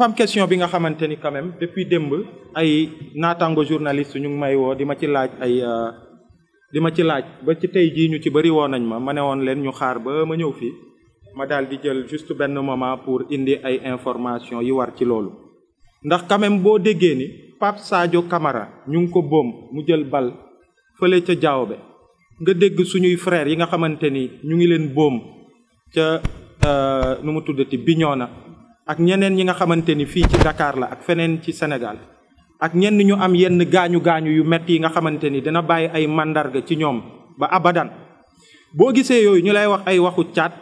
dafa question bi nga xamante ni quand même depuis démb ay naataango journaliste ñu may woo di ma ci laaj ay euh, di ma ci laaj ba ci tey jii ñu ci bëri woo nañ ma ma ne woon leen ñu xaar ba ma ñëw fii ma daal di jël juste benn moment pour indi ay information yi war ci loolu ndax quand boo déggee ni Pape saajo kamara ñu ngi ko boom mu jël bal fële ca Diaobé nga dégg suñuy frères yi nga xamante ni ñu ngi leen boom ca euh, nu mu tuddati Bignona ak ñeneen yi nga xamante ni fii ci Dakar la ak feneen ci Sénégal ak ñenn ñu am yenn gaañu gaañu yu metti yi nga xamante ni dina bàyyi ay màndarga ci ñoom ba abadan boo gisee yooyu ñu lay wax ay waxu caat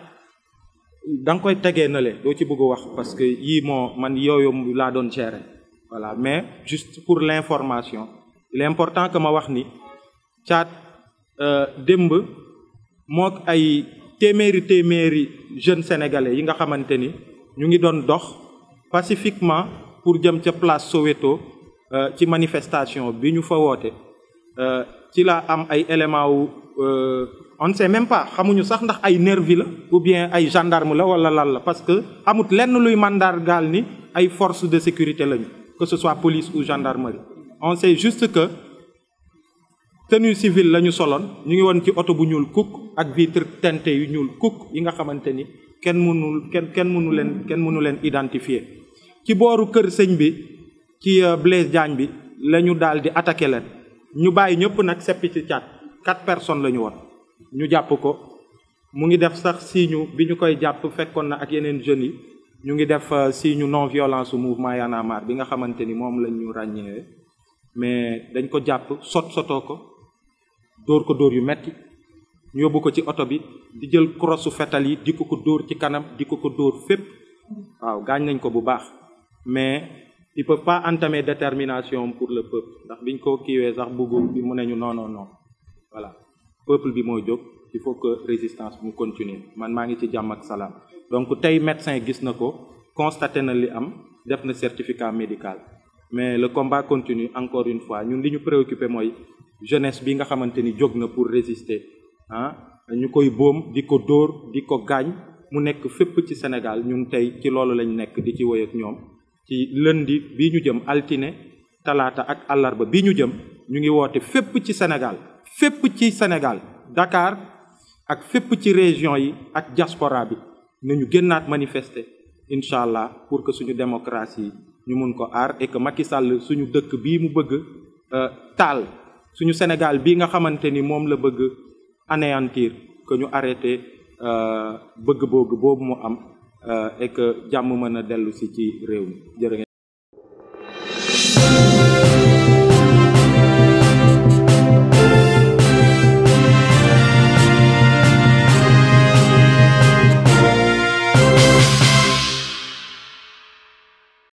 da nga koy tegee na le doo ci bëgg wax parce que yii moo man yooyu laa doon gérer voilà mais juste pour l'information l'important que ma wax ni caat euh, démb mook ay téeméeri téeméeri jeunes sénégalais yi nga xamante ni ñu ngi doon dox pacifiquement pour jëm ca place Soweto euh, ci manifestation bi ñu fa woote euh, ci laa am ay éléments wu euh, on ne sait même pas xamuñu sax ndax ay nervi la ou bien ay gendarme la wala lan la parce que amut lenn luy mandargaal ni ay forces de sécurité lañu que ce soit police ou gendarmerie on sait juste que tenue civile la ñu soloon ñu ngi woon ci oto bu ñuul kukk ak vitre teintée yu ñuul kukk yi nga xamante ni kenn mënul kenn kenn mënu leen kenn mënu leen identifier ci booru kër sëñ bi ci euh, Blaise Diagne bi la ñu daal di attaqué leen ñu bàyyi ñëpp nag seppi ci caat quatre personnes la ñu woon ñu jàpp ko mu ngi def sax signe bi ñu koy jàpp fekkoon na ak yeneen jeunes yi ñu ngi def euh, signe non violence su mouvement Y bi nga xamante ni moom la ñu ràññee mais dañ ko jàpp sot sotoo ko dóor ko dóor yu metti ñu yóbbu ko ci oto bi di jël crossu fetal yi di ko ko dóor ci kanam di ko ko dóor fépp waaw gaañ nañ ko bu baax mais il peut pas entamer détermination pour le peuple ndax biñ ko kiiwee sax buggul bi mu ne ñu non non non voilà peuple bi moo jóg il faut que résistance mu continuer man maa ngi ci jàmm ak salaam donc tey médecin gis na ko constaté na li am def na certificat médical mais le combat continue encore une fois ñun li ñu préoccupé mooy jeunesse bi nga xamante ni jóg na pour résister ah ñu koy boom di ko dóor di ko gaañ mu nekk fépp ci Sénégal ñun tey ci loolu lañu nekk di ci woy ak ñoom ci lëndi bi ñu jëm altine talaata ak àllarba bi ñu jëm ñu ngi woote fépp ci Sénégal fépp ci Sénégal dakaar ak fépp ci région yi ak diaspora bi nañu génnaat manifester incha allah pour que suñu démocratie ñu mun ko aar et que suñu dëkk bii mu bëgg euh, taal suñu Sénégal bii nga xamante ni moom la bëgg anéantir que ñu arrêté bëgg-bëgg euh, boobu mu am euh, et que jàmm mën a dellu ci réew mi jërë